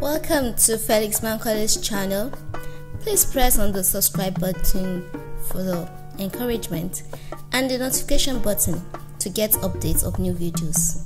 Welcome to Felix Mankole's channel. Please press on the subscribe button for the encouragement and the notification button to get updates of new videos.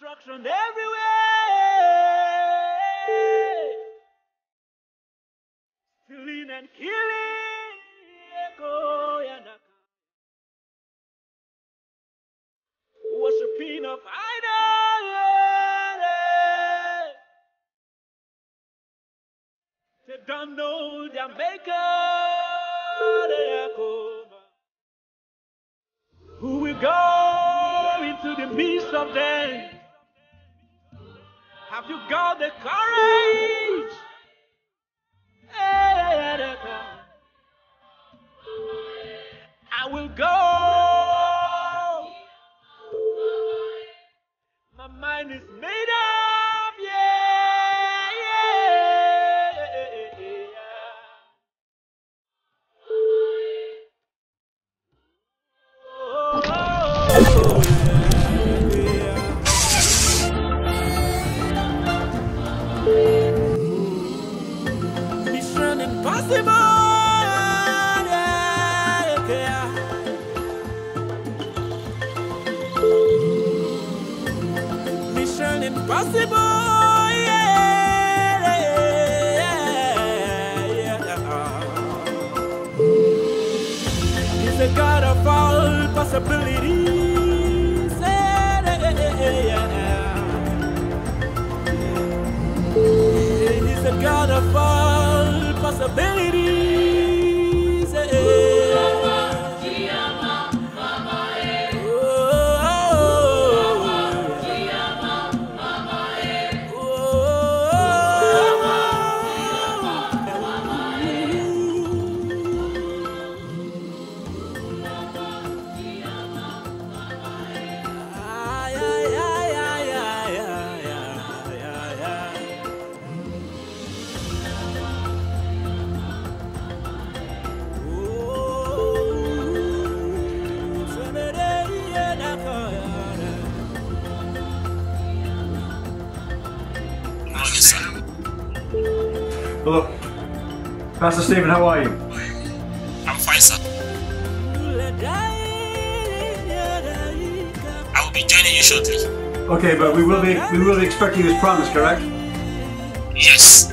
Destruction everywhere. Stealing and killing. Worshipping of idols. They don't know their maker. Who will go into the midst of them? Have you got the courage? I will go. My mind is made up. спасибо! Hello. Pastor Stephen, how are you? I'm fine, sir. I will be joining you shortly. Okay, but we will be we will be expecting this promise, correct? Yes.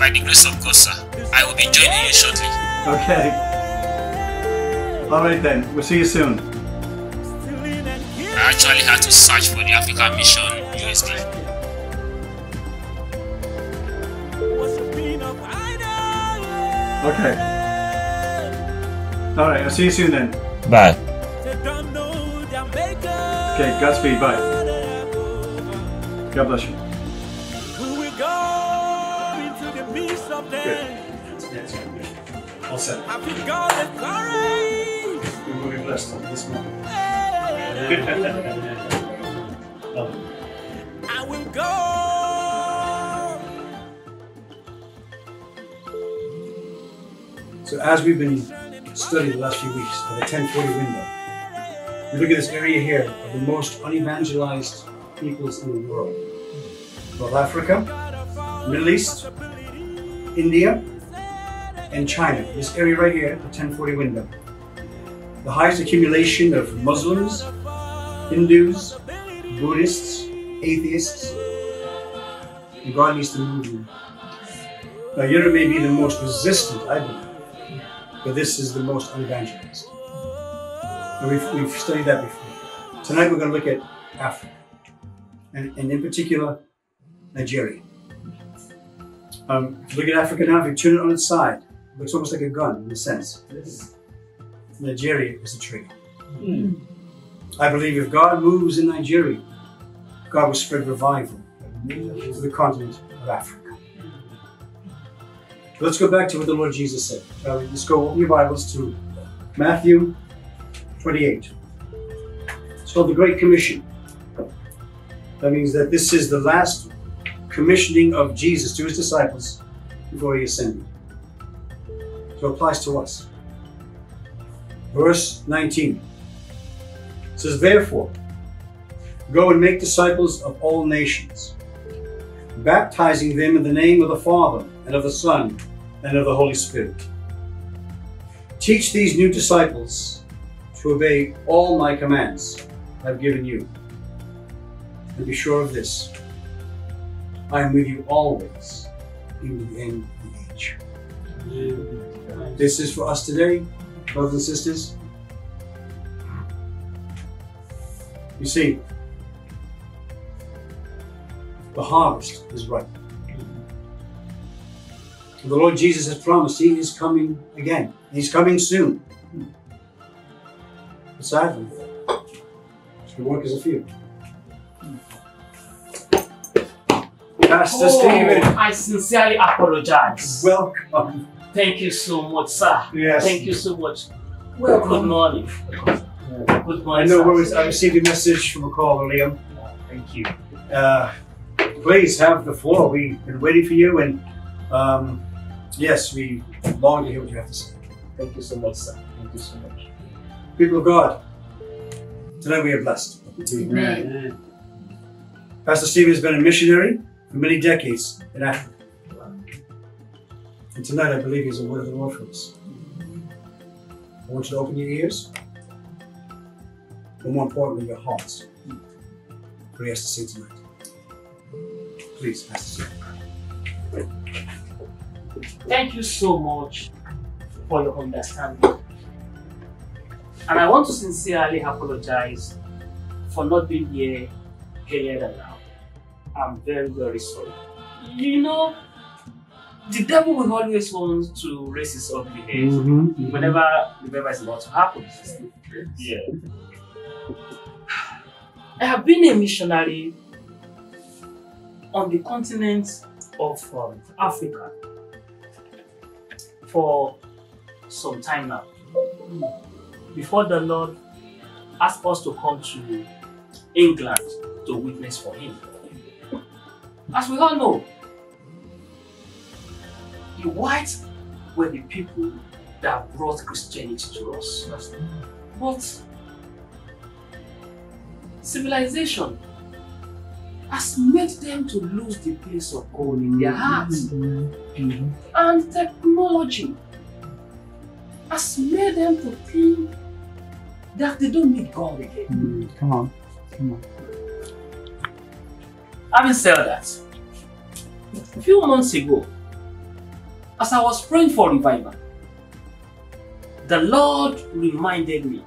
By the grace of God, sir. I will be joining you shortly. Okay. Alright then, we'll see you soon. I actually had to search for the African mission Okay. All right. I'll see you soon then. Bye. Okay. Godspeed. Bye. God bless you. Good. That's good. All set. we will be blessed less this morning. So as we've been studying the last few weeks the 1040 window, you look at this area here of the most unevangelized peoples in the world. North Africa, Middle East, India, and China. This area right here, the 1040 window. The highest accumulation of Muslims, Hindus, Buddhists, atheists, and God needs to move you. Now, Europe may be the most resistant, I believe, but this is the most unevangelized. And we've, we've studied that before. Tonight we're going to look at Africa, and, and in particular, Nigeria. Um, if you look at Africa now, if you turn it on its side, it looks almost like a gun in a sense. Nigeria is a tree. Mm. I believe if God moves in Nigeria, God will spread revival to the continent of Africa. Let's go back to what the Lord Jesus said. Uh, let's go open your Bibles to Matthew 28. It's called the Great Commission. That means that this is the last commissioning of Jesus to his disciples before he ascended. So it applies to us. Verse 19 it says, Therefore, go and make disciples of all nations, baptizing them in the name of the Father and of the Son, and of the Holy Spirit. Teach these new disciples to obey all my commands I've given you. And be sure of this I am with you always in the end of the age. This is for us today, brothers and sisters. You see, the harvest is ripe. The Lord Jesus has promised He is coming again. He's coming soon. that, the work is a few. Pastor oh, Stephen. I sincerely apologize. Welcome. Thank you so much, sir. Yes. Thank you so much. Welcome. Good morning. Good morning. I know I received a message from a caller, Liam. thank you. Uh, please have the floor. We've been waiting for you, and um, yes, we long to hear what you have to say. Thank you so much, sir. Thank you so much. People of God, tonight we are blessed. Amen. Pastor Steve has been a missionary for many decades in Africa. And tonight I believe is a word of the Lord for us. I want you to open your ears, but more importantly, your hearts. For he has to say tonight. Please, Pastor Steve. Thank you so much for your understanding. And I want to sincerely apologize for not being here earlier than now. I'm very, very sorry. You know, the devil will always want to raise his ugly head mm -hmm, whenever mm-hmm. the mm is about to happen. Yeah. I have been a missionary on the continent of um, Africa for some time now. Before the Lord asked us to come to England to witness for Him. As we all know, the whites were the people that brought Christianity to us. But civilization has made them to lose the place of God in their mm-hmm. hearts. Mm -hmm. And technology has made them to think that they don't need God again. Mm -hmm. Come on, come on. Having said that, a few months ago, as I was praying for revival, the Lord reminded me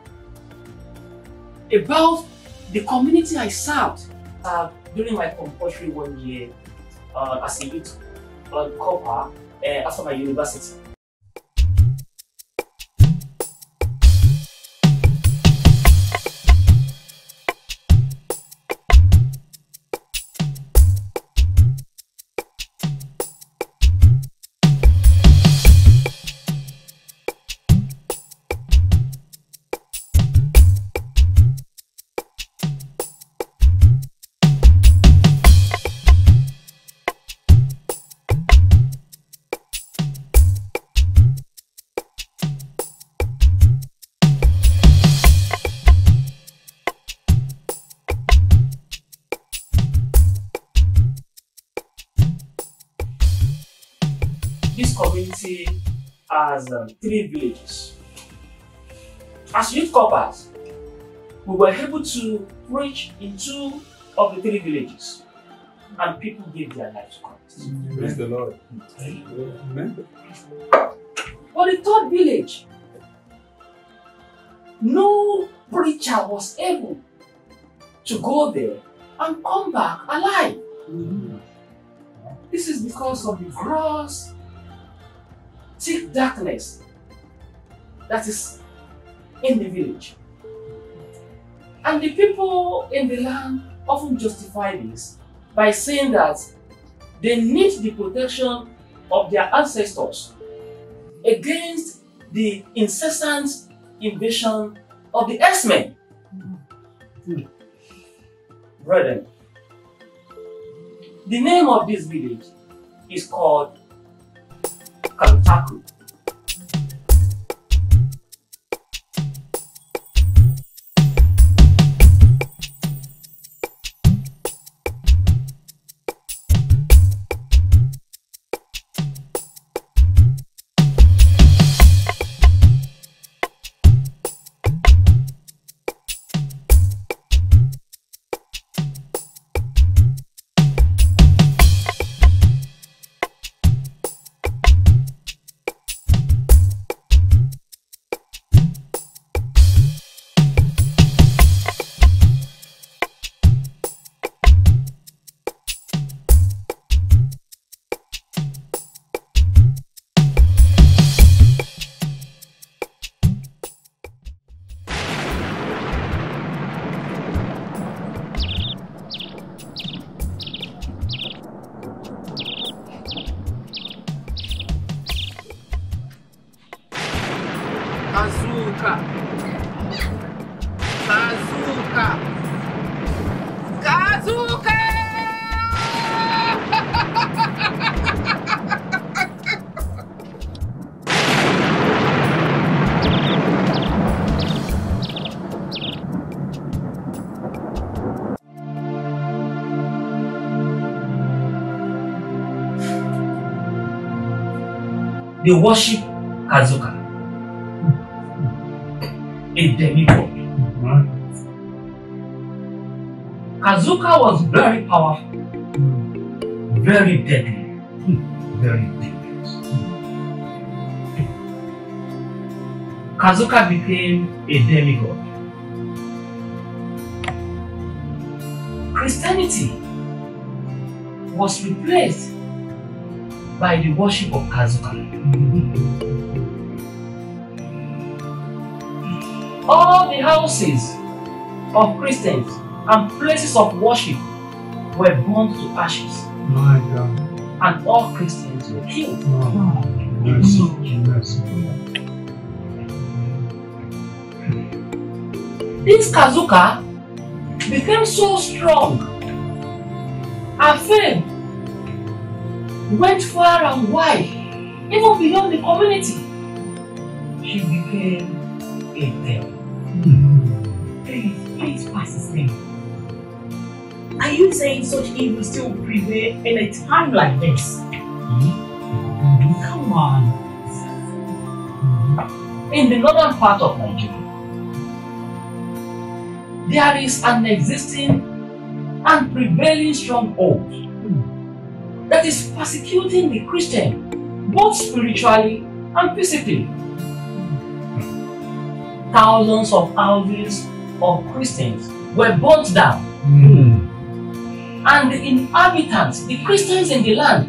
about the community I served. Uh, during my compulsory one year uh, as a youth copper uh, eh, after my university, community as um, three villages. As youth corpers, we were able to preach in two of the three villages, and people gave their lives to Christ. Praise the Lord. Amen. For the third village, no preacher was able to go there and come back alive. Mm -hmm. This is because of the gross thick darkness that is in the village. And the people in the land often justify this by saying that they need the protection of their ancestors against the incessant invasion of the X-Men. Brethren, the name of this village is called Kotaku. they worship Kazuka. A demigod. Kazuka was very powerful, very deadly, very dangerous. Kazuka became a demigod. Christianity was replaced by the worship of Kazuka. All the houses of Christians and places of worship were burned to ashes. My God. And all Christians were killed. mercy, mercy. This Kazuka became so strong and fame went far and wide, even beyond the community. She became a devil. Please, please pass his name. Are you saying such evil still prevail in a time like this? Mm. Come on. In the northern part of Nigeria, there is an existing and prevailing stronghold that is persecuting the Christian, both spiritually and physically. Thousands of thousands of Christians were burnt down. Mm. And the inhabitants, the Christians in the land,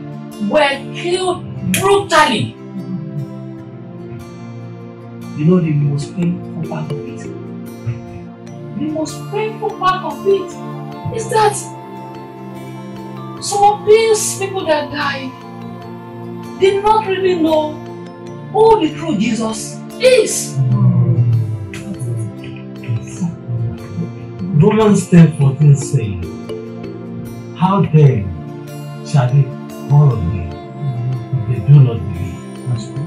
were killed brutally. You know the most painful part of it? The most painful part of it is that some of these people that died did not really know who the true Jesus is. Romans 10 14 saying, How then shall they follow me if they do not believe?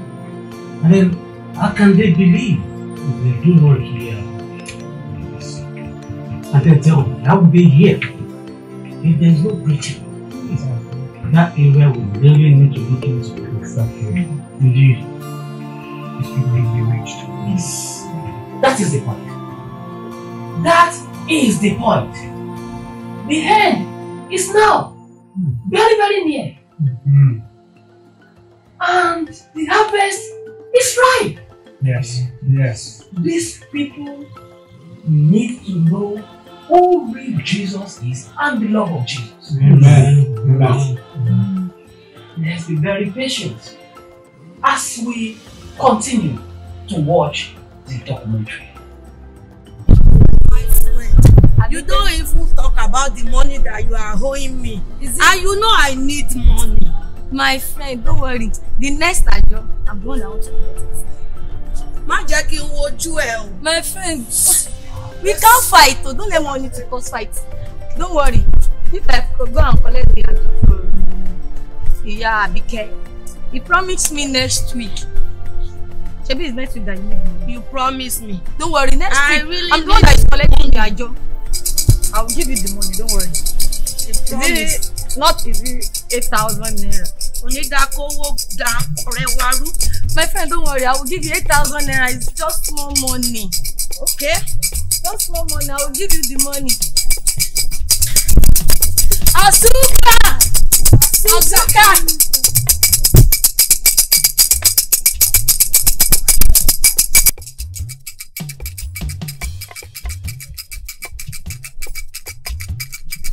And then, how can they believe if they do not hear? And then tell me, how will they hear if there is no preaching? that area we really need to look into. Exactly. Indeed. It could be reached. Yes. That is the point. That is the point. The end is now. Mm. Very, very near. Mm -hmm. And the harvest is ripe. Yes, yes. These people need to know who real Jesus is and the love of Jesus. Amen. Amen. Let's be very patient as we continue to watch the documentary. You don't even talk about the money that you are owing me. And you know I need money. My friend, don't worry. The next job I'm going out to get it. Má jẹ́ My friend, we can't fight Don't let money to cause fight. Don't worry if I go and collect the ajo from Iya Abike, he promised me next week. Shebi is next week that you need me. You promise me. Don't worry, next I week really I'm going to collect the ajo. I will give you the money, don't worry. Is it not is it eight thousand naira? Onídàkówó dá ọ̀rẹ́ wa rú. My friend, don't worry, I will give you eight thousand naira. It's just small money. Okay? Just small money. I will give you the money. Azúcar! Azúcar!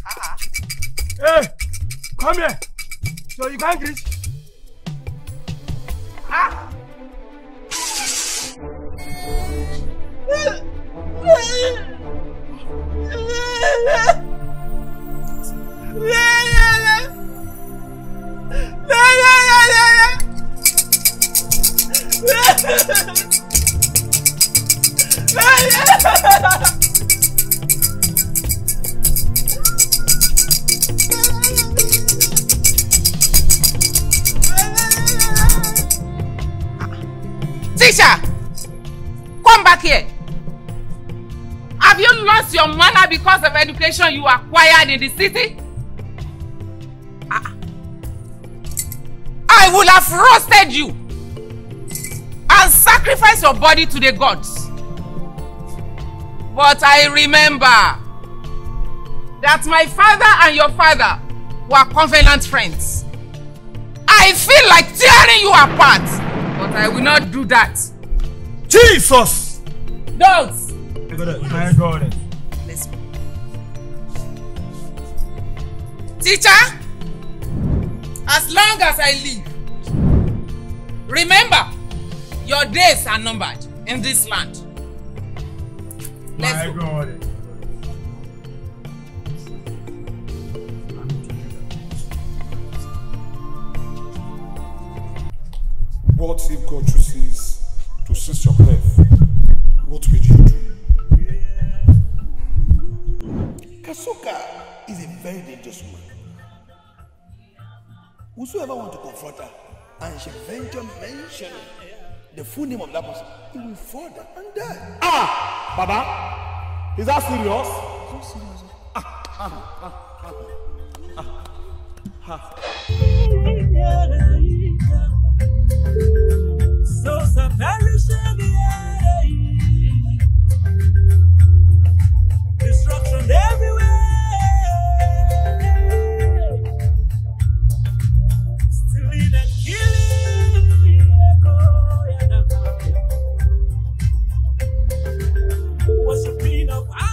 Ah, ah. Hey, come here. So you can't Ah. ah. come back here. Have you lost your manner because of education you acquired in the city? has roasted you and sacrificed your body to the gods. But I remember that my father and your father were covenant friends. I feel like tearing you apart, but I will not do that. Jesus! Dogs! My God. Teacher, as long as I live, Remember, your days are numbered in this land. Let's My go. God. What if God chooses to cease your life? What would you do? Kasuka is a very dangerous woman. Whosoever want to confront her and she venture mention the full name of that person, he will fall down and die. Ah, Baba, is that serious? So serious. Ah, ah, ah, ah, ah, ah. So, so Well,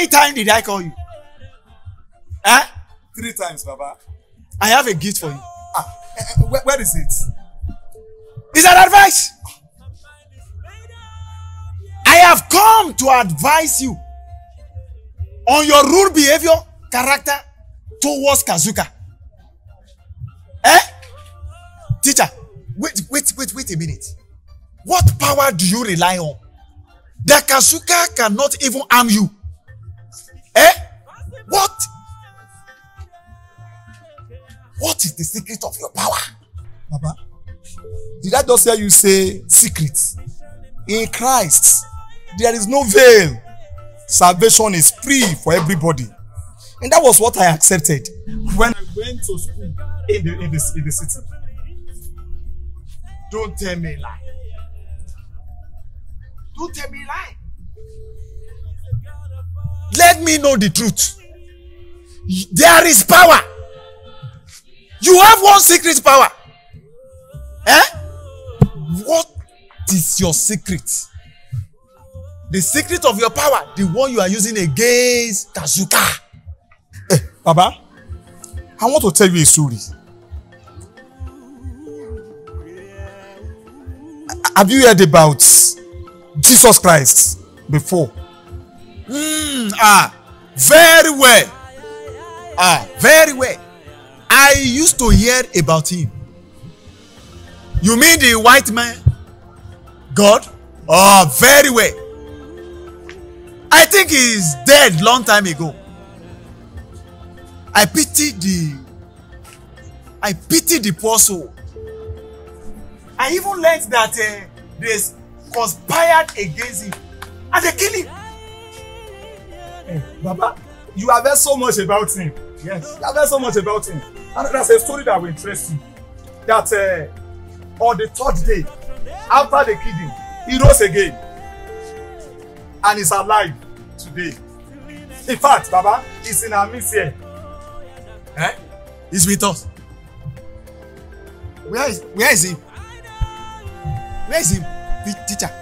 many times did I call you? Eh? Three times, Baba. I have a gift for you. Ah, eh, eh, where, where is it? Is that advice? I have come to advise you on your rude behavior, character towards Kazuka. Eh? Teacher, wait, wait, wait, wait a minute. What power do you rely on? The Kazuka cannot even harm you. Eh? What? What is the secret of your power? Baba, did I just hear you say secret? In Christ, there is no veil. Salvation is free for everybody. And that was what I accepted when I went to school in the, in the, in the city. Don't tell me a lie. Don't tell me a lie let me know the truth there is power you have one secret power eh what is your secret the secret of your power the one you are using against kazuka. eh hey, baba i want to tell you a story have you heard about jesus christ before. Mm. Mm, ah, very well. Ah, very well. I used to hear about him. You mean the white man? God? Ah, very well. I think he's dead long time ago. I pity the I pity the poor soul. I even learnt that uh, they conspired against him and they killed him. Baba, you have heard so much about him. Yes. You have heard so much about him. And that's a story that will interest you. That uh, on the third day, after the killing, he rose again. And is alive today. In fact, Baba, he's in our midst here. Eh? He's with us. Where is, where is he? Where is he, teacher?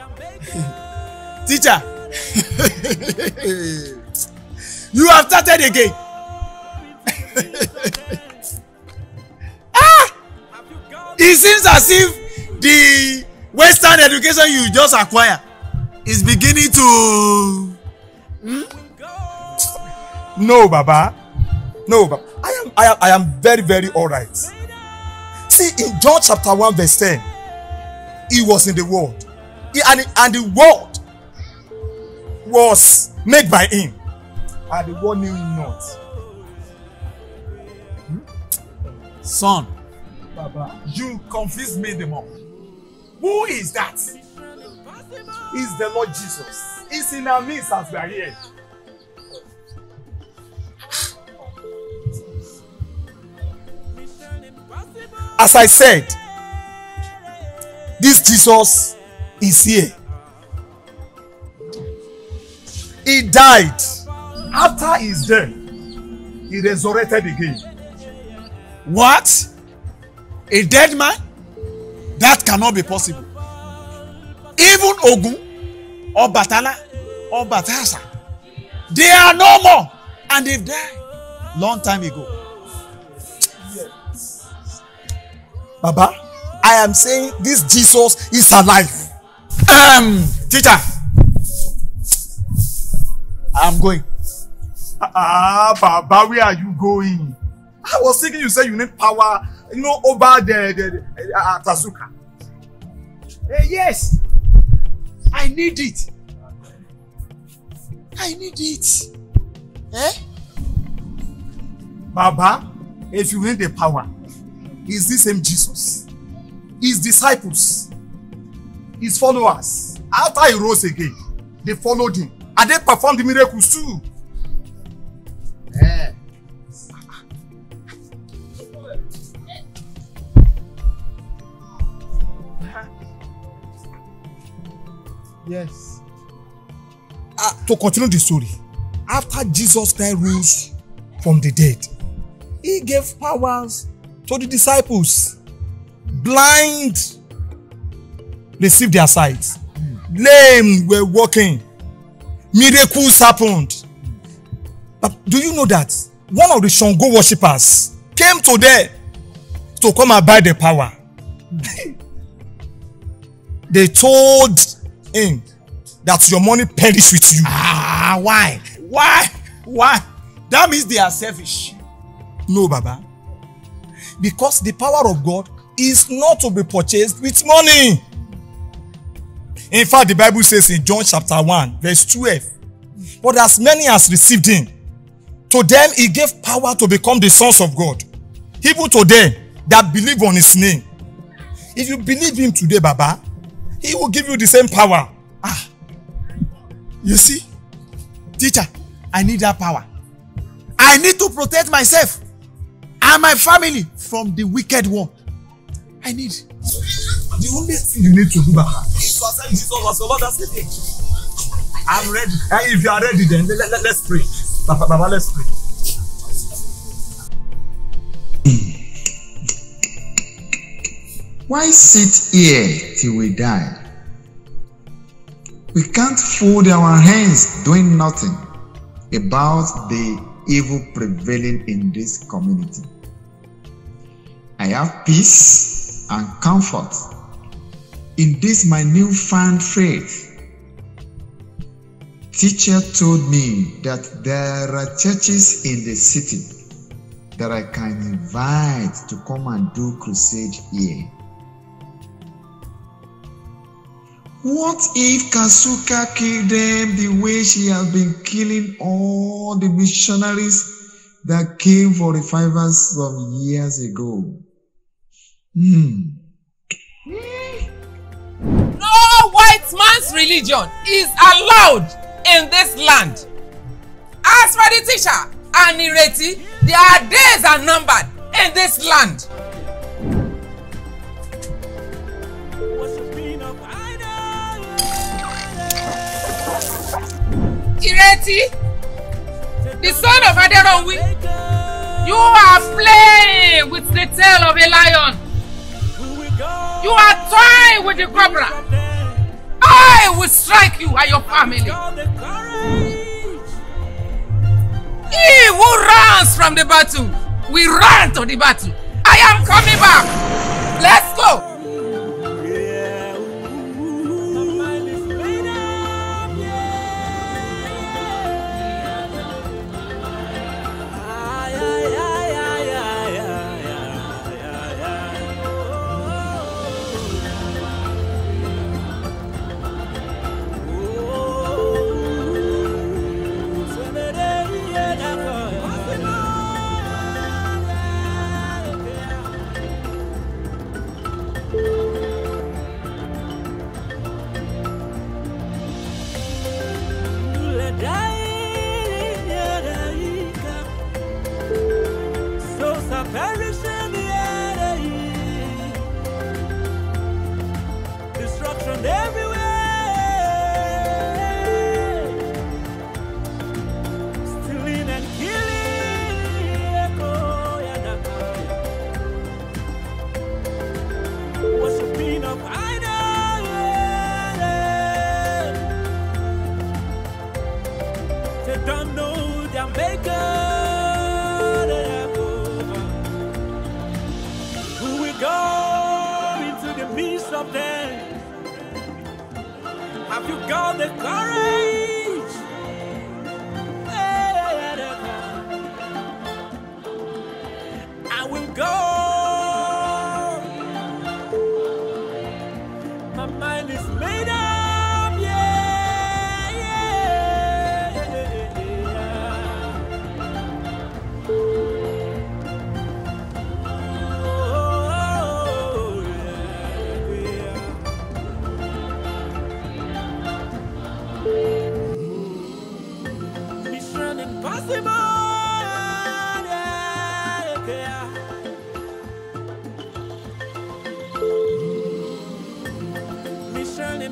Teacher, you have started again. ah! It seems as if the Western education you just acquire is beginning to. Hmm? No, Baba. No, Baba. I am, I am, I am very, very alright. See, in John chapter 1, verse 10, he was in the world and, and the world was made by him and the world knew him not. Son. Baba, you confuse me the more. Who is that? Is the Lord Jesus. He's in our midst as we are here. As I said, this Jesus is here. He died. After his death, he resurrected again. What? A dead man? That cannot be possible. Even Ogun or Batala or Batasa, they are no more and they died long time ago. Baba, I am saying this Jesus is alive. Um, teacher, I'm going. Ah, Baba, where are you going? I was thinking you said you need power, you know, over the, the, the uh, Tazuka. Uh, eh, yes, I need it. I need it. Eh? Baba, if you need the power, is this same Jesus? His disciples? his followers after he rose again they followed him and they performed the miracles too. Eh. yes. Uh, to continue the story after Jesus died, rose from the dead he gave powers to the disciples blind received their sight. Lame were walking. Miracles happened. But do you know that one of the Shango worshippers came to there to come and buy the power? they told him that your money perish with you. Ah, why? Why? Why? That means they are selfish. No, Baba. Because the power of God is not to be purchased with money. In fact, the Bible says in John chapter 1, verse 12, But as many as received him, to them he gave power to become the sons of God, even to them that believe on his name. If you believe him today, Baba, he will give you the same power. Ah, you see, teacher, I need that power. I need to protect myself and my family from the wicked one. I need. The only thing you need to do, Baba, Christ, Jesus was your Lord and Savior. I'm ready. And if you are ready, then let, let, let's pray. Papa, Papa, let's pray. Why sit here till we die? We can't fold our hands doing nothing about the evil prevailing in this community. I have peace and comfort in this my newfound faith. Teacher told me that there are churches in the city that I can invite to come and do crusade here. What if Kasuka killed them the way she has been killing all the missionaries that came for the some years ago? Hmm. man's religion is allowed in this land. As for the teacher and Ireti, their days are numbered in this land. Ireti, the son of Aderonwi, you are playing with the tail of a lion. You are toying with the cobra. I will strike you and your family. He who runs from the battle will run to the battle. I am coming back. Let's go.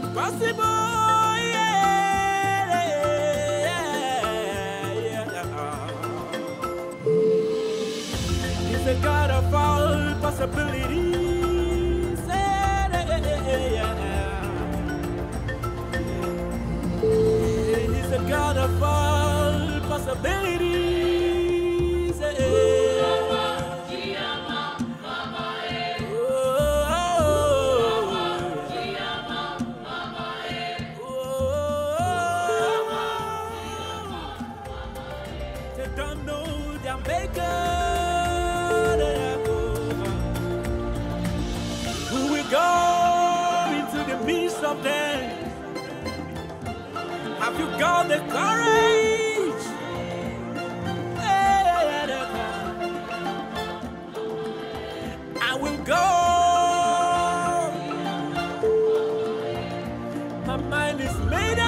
impossible. He's a God of all possibilities. He's a God of all possibilities. made up.